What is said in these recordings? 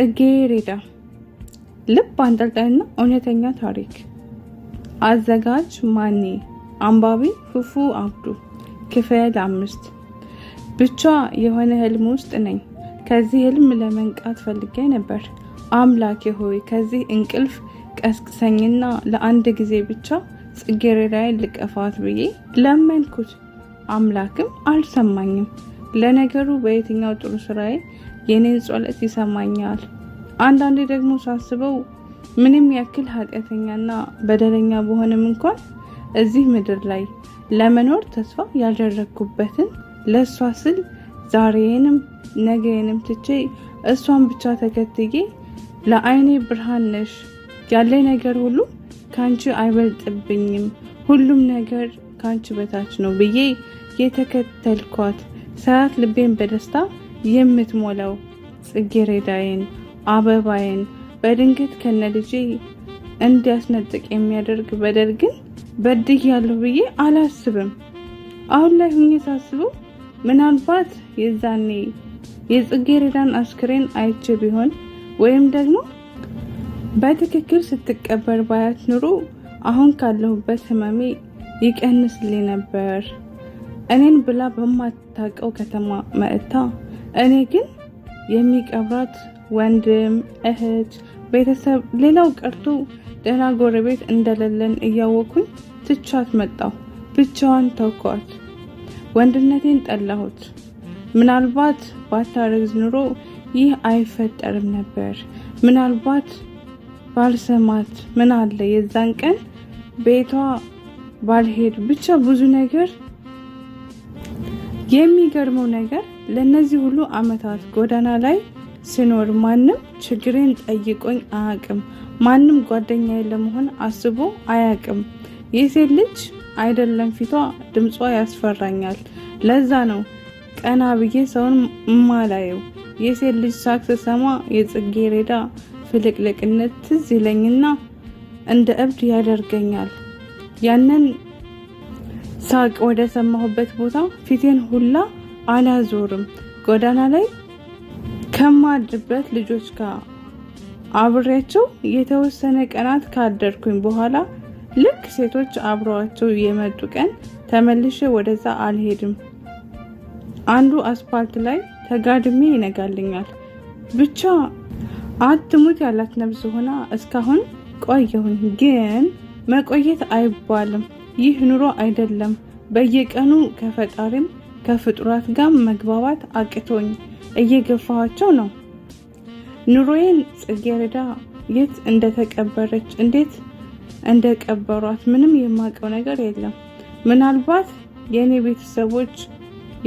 ጽጌረዳ ልብ አንጠልጣይና እውነተኛ ታሪክ። አዘጋጅ ማኔ፣ አንባቢ ፉፉ አብዱ። ክፍል አምስት ብቻ የሆነ ህልም ውስጥ ነኝ። ከዚህ ህልም ለመንቃት ፈልጌ ነበር። አምላኬ ሆይ ከዚህ እንቅልፍ ቀስቅሰኝና ለአንድ ጊዜ ብቻ ጽጌረዳዬን ልቀፋት ብዬ ለመንኩት። አምላክም አልሰማኝም። ለነገሩ በየትኛው ጥሩ ስራዬ የኔን ጸሎት ይሰማኛል። አንዳንዴ ደግሞ ሳስበው ምንም ያክል ኃጢአተኛና በደለኛ በሆንም እንኳን እዚህ ምድር ላይ ለመኖር ተስፋ ያደረግኩበትን ለእሷ ስል ዛሬንም ነገንም ትቼ እሷን ብቻ ተከትዬ ለአይኔ ብርሃን ነሽ፣ ያለ ነገር ሁሉ ከአንቺ አይበልጥብኝም፣ ሁሉም ነገር ከአንቺ በታች ነው ብዬ የተከተልኳት ሳያት ልቤን በደስታ የምትሞላው ጽጌሬዳይን አበባዬን በድንገት ከነ ልጄ እንዲያስነጥቅ የሚያደርግ በደል ግን በድግ ያለሁ ብዬ አላስብም። አሁን ላይ ሁኜ ሳስበው ምናልባት የዛኔ የጽጌሬዳን አስክሬን አይቼ ቢሆን ወይም ደግሞ በትክክል ስትቀበር ባያት ኑሮ አሁን ካለሁበት ህመሜ ይቀንስልኝ ነበር። እኔን ብላ በማታውቀው ከተማ መጥታ እኔ ግን የሚቀብራት ወንድም፣ እህት፣ ቤተሰብ ሌላው ቀርቶ ደህና ጎረቤት እንደሌለን እያወኩኝ ትቻት መጣሁ። ብቻዋን ተውኳት። ወንድነቴን ጠላሁት። ምናልባት ባታረግዝ ኑሮ ይህ አይፈጠርም ነበር። ምናልባት ባልሰማት ምን አለ የዛን ቀን ቤቷ ባልሄድ ብቻ ብዙ ነገር የሚገርመው ነገር ለእነዚህ ሁሉ ዓመታት ጎዳና ላይ ስኖር ማንም ችግሬን ጠይቆኝ አያቅም። ማንም ጓደኛዬ ለመሆን አስቦ አያቅም። የሴት ልጅ አይደለም ፊቷ ድምጿ ያስፈራኛል። ለዛ ነው ቀና ብዬ ሰውን እማላየው። የሴት ልጅ ሳቅ ስሰማ የጽጌረዳ ፍልቅልቅነት ትዝ ይለኝና እንደ እብድ ያደርገኛል። ያንን ሳቅ ወደ ሰማሁበት ቦታ ፊቴን ሁላ አላዞርም። ጎዳና ላይ ከማድርበት ልጆች ጋር አብሬያቸው የተወሰነ ቀናት ካደርኩኝ በኋላ ልክ ሴቶች አብረዋቸው የመጡ ቀን ተመልሼ ወደዛ አልሄድም። አንዱ አስፓልት ላይ ተጋድሜ ይነጋልኛል። ብቻ አትሙት ያላት ነብስ ሆና እስካሁን ቆየሁኝ። ግን መቆየት አይባልም። ይህ ኑሮ አይደለም። በየቀኑ ከፈጣሪም ከፍጡራት ጋር መግባባት አቅቶኝ እየገፋኋቸው ነው። ኑሮዬን ጽጌረዳ የት እንደተቀበረች እንዴት እንደቀበሯት ምንም የማውቀው ነገር የለም። ምናልባት የእኔ ቤተሰቦች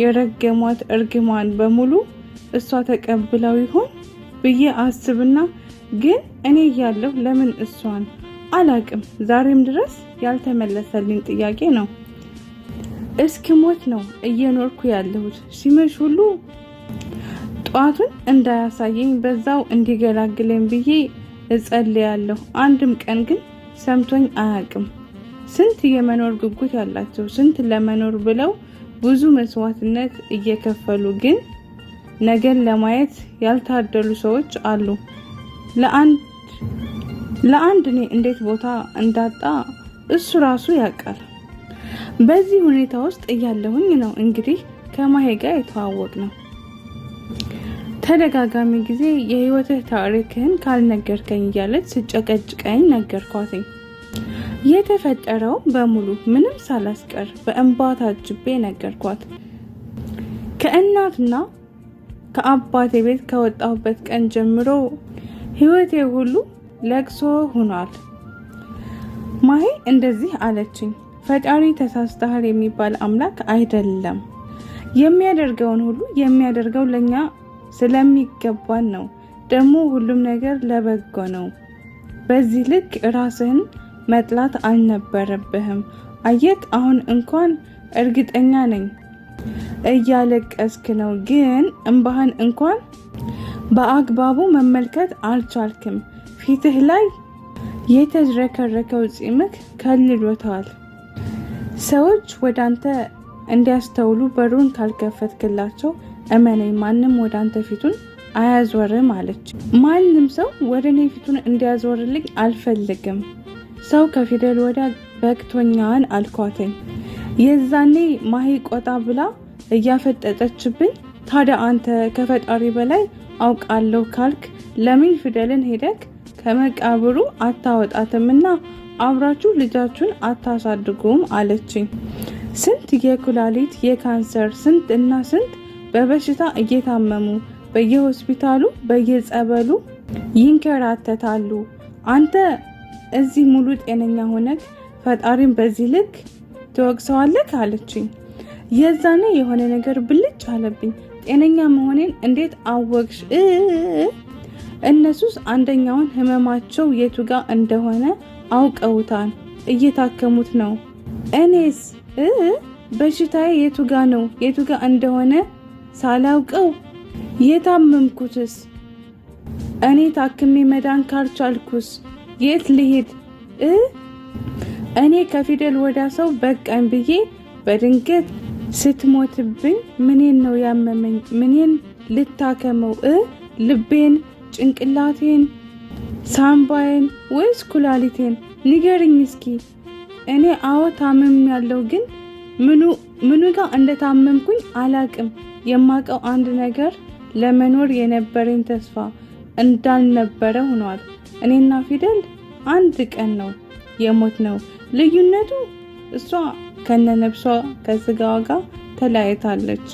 የረገሟት እርግማን በሙሉ እሷ ተቀብለው ይሆን ብዬ አስብና ግን እኔ እያለሁ ለምን እሷን አላቅም ዛሬም ድረስ ያልተመለሰልኝ ጥያቄ ነው። እስክሞት ነው እየኖርኩ ያለሁት። ሲመሽ ሁሉ ጠዋቱን እንዳያሳየኝ በዛው እንዲገላግለኝ ብዬ እጸልያለሁ። አንድም ቀን ግን ሰምቶኝ አያውቅም። ስንት የመኖር ጉጉት ያላቸው ስንት ለመኖር ብለው ብዙ መስዋዕትነት እየከፈሉ ግን ነገን ለማየት ያልታደሉ ሰዎች አሉ። ለአንድ እኔ እንዴት ቦታ እንዳጣ እሱ ራሱ ያውቃል። በዚህ ሁኔታ ውስጥ እያለሁኝ ነው እንግዲህ ከማሄ ጋር የተዋወቅ ነው። ተደጋጋሚ ጊዜ የህይወትህ ታሪክህን ካልነገርከኝ እያለች ስጨቀጭቀኝ ነገርኳትኝ። የተፈጠረው በሙሉ ምንም ሳላስቀር በእንባ ታጅቤ ነገርኳት። ከእናትና ከአባቴ ቤት ከወጣሁበት ቀን ጀምሮ ህይወቴ ሁሉ ለቅሶ ሆኗል። ማሄ እንደዚህ አለችኝ። ፈጣሪ ተሳስተሃል የሚባል አምላክ አይደለም። የሚያደርገውን ሁሉ የሚያደርገው ለእኛ ስለሚገባን ነው። ደግሞ ሁሉም ነገር ለበጎ ነው። በዚህ ልክ ራስህን መጥላት አልነበረብህም። አየት አሁን እንኳን እርግጠኛ ነኝ እያለቀስክ ነው፣ ግን እምባህን እንኳን በአግባቡ መመልከት አልቻልክም ፊትህ ላይ የተዝረከረከው ፂምህ ከልሎታል። ሰዎች ወደ አንተ እንዲያስተውሉ በሩን ካልከፈትክላቸው እመነኝ ማንም ወደ አንተ ፊቱን አያዞርም አለች። ማንም ሰው ወደ እኔ ፊቱን እንዲያዞርልኝ አልፈልግም። ሰው ከፊደል ወዲያ በቅቶኛን አልኳትኝ። የዛኔ ማሂ ቆጣ ብላ እያፈጠጠችብኝ፣ ታዲያ አንተ ከፈጣሪ በላይ አውቃለሁ ካልክ ለምን ፊደልን ሄደክ ከመቃብሩ አታወጣትምና አብራችሁ ልጃችሁን አታሳድጉም አለችኝ። ስንት የኩላሊት የካንሰር ስንት እና ስንት በበሽታ እየታመሙ በየሆስፒታሉ በየጸበሉ ይንከራተታሉ። አንተ እዚህ ሙሉ ጤነኛ ሆነክ ፈጣሪን በዚህ ልክ ትወቅሰዋለክ አለችኝ። የዛኔ የሆነ ነገር ብልጭ አለብኝ። ጤነኛ መሆኔን እንዴት አወቅሽ? እነሱስ አንደኛውን ህመማቸው የቱ ጋር እንደሆነ አውቀውታል፣ እየታከሙት ነው። እኔስ በሽታዬ የቱ ጋ ነው የቱ ጋ እንደሆነ ሳላውቀው የታመምኩትስ? እኔ ታክሜ መዳን ካልቻልኩስ የት ልሄድ? እኔ ከፊደል ወዳ ሰው በቀን ብዬ በድንገት ስትሞትብኝ ምኔን ነው ያመመኝ? ምኔን ልታከመው? ልቤን ጭንቅላቴን፣ ሳምባዬን ወይስ ኩላሊቴን ንገርኝ እስኪ። እኔ አዎ ታመም ያለው ግን ምኑ ጋር እንደታመምኩኝ አላቅም። የማውቀው አንድ ነገር ለመኖር የነበረኝ ተስፋ እንዳልነበረ ሆኗል። እኔና ፊደል አንድ ቀን ነው የሞት ነው። ልዩነቱ እሷ ከነ ነብሷ ከስጋዋ ጋር ተለያይታለች።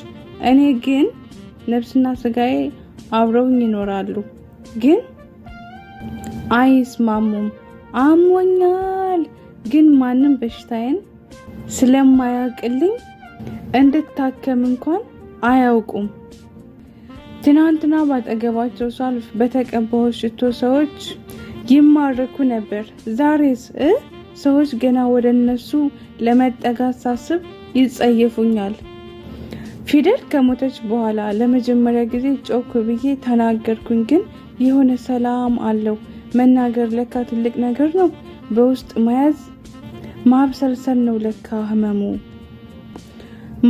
እኔ ግን ነብስና ስጋዬ አብረውኝ ይኖራሉ። ግን አይስማሙም። አሞኛል ግን ማንም በሽታዬን ስለማያውቅልኝ እንድታከም እንኳን አያውቁም። ትናንትና ባጠገባቸው ሳልፍ በተቀባው ሽቶ ሰዎች ይማረኩ ነበር። ዛሬስ ሰዎች ገና ወደ እነሱ ለመጠጋት ሳስብ ይጸየፉኛል። ፊደል ከሞተች በኋላ ለመጀመሪያ ጊዜ ጮክ ብዬ ተናገርኩኝ ግን የሆነ ሰላም አለው። መናገር ለካ ትልቅ ነገር ነው። በውስጥ መያዝ ማብሰልሰል ነው ለካ ህመሙ።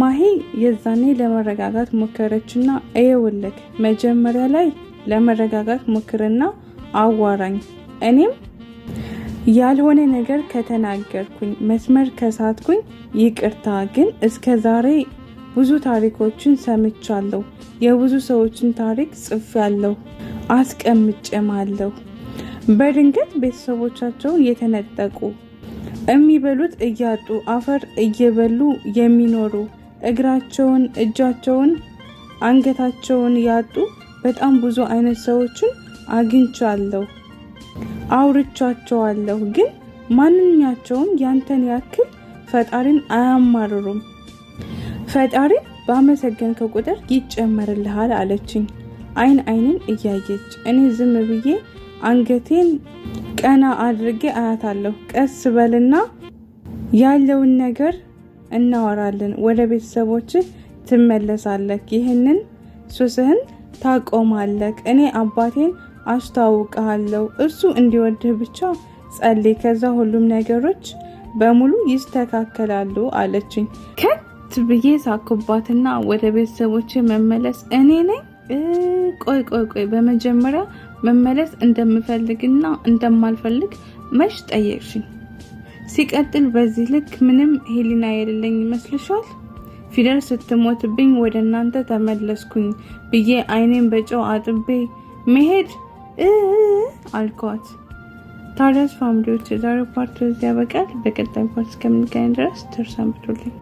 ማሄ የዛኔ ለመረጋጋት ሞከረችና እየውልክ መጀመሪያ ላይ ለመረጋጋት ሞክርና አዋራኝ። እኔም ያልሆነ ነገር ከተናገርኩኝ መስመር ከሳትኩኝ ይቅርታ። ግን እስከ ዛሬ ብዙ ታሪኮችን ሰምቻለሁ። የብዙ ሰዎችን ታሪክ ጽፌያለሁ፣ አስቀምጬማለሁ። በድንገት ቤተሰቦቻቸውን የተነጠቁ የሚበሉት እያጡ አፈር እየበሉ የሚኖሩ እግራቸውን፣ እጃቸውን፣ አንገታቸውን ያጡ በጣም ብዙ አይነት ሰዎችን አግኝቻለሁ፣ አውርቻቸዋለሁ። ግን ማንኛቸውም ያንተን ያክል ፈጣሪን አያማርሩም። ፈጣሪ ባመሰገንከ ቁጥር ይጨመርልሃል አለችኝ። አይን አይንን እያየች እኔ ዝም ብዬ አንገቴን ቀና አድርጌ አያታለሁ። ቀስ በልና ያለውን ነገር እናወራለን። ወደ ቤተሰቦች ትመለሳለህ። ይህንን ሱስህን ታቆማለህ። እኔ አባቴን አስተዋውቀሃለሁ። እሱ እንዲወድህ ብቻ ጸልይ። ከዛ ሁሉም ነገሮች በሙሉ ይስተካከላሉ አለችኝ። ብዬ ሳኩባትና ወደ ቤተሰቦቼ መመለስ እኔ ነኝ። ቆይ ቆይ ቆይ በመጀመሪያ መመለስ እንደምፈልግና እንደማልፈልግ መች ጠየቅሽኝ? ሲቀጥል በዚህ ልክ ምንም ሄሊና የሌለኝ ይመስልሻል? ፊደል ስትሞትብኝ ወደ እናንተ ተመለስኩኝ ብዬ አይኔን በጨው አጥቤ መሄድ አልኳት። ታዲያስ ፋሚሊዎች የዛሬው ፓርት በዚህ ያበቃል። በቀጣይ ፓርት እስከምንገናኝ ድረስ ደርሳን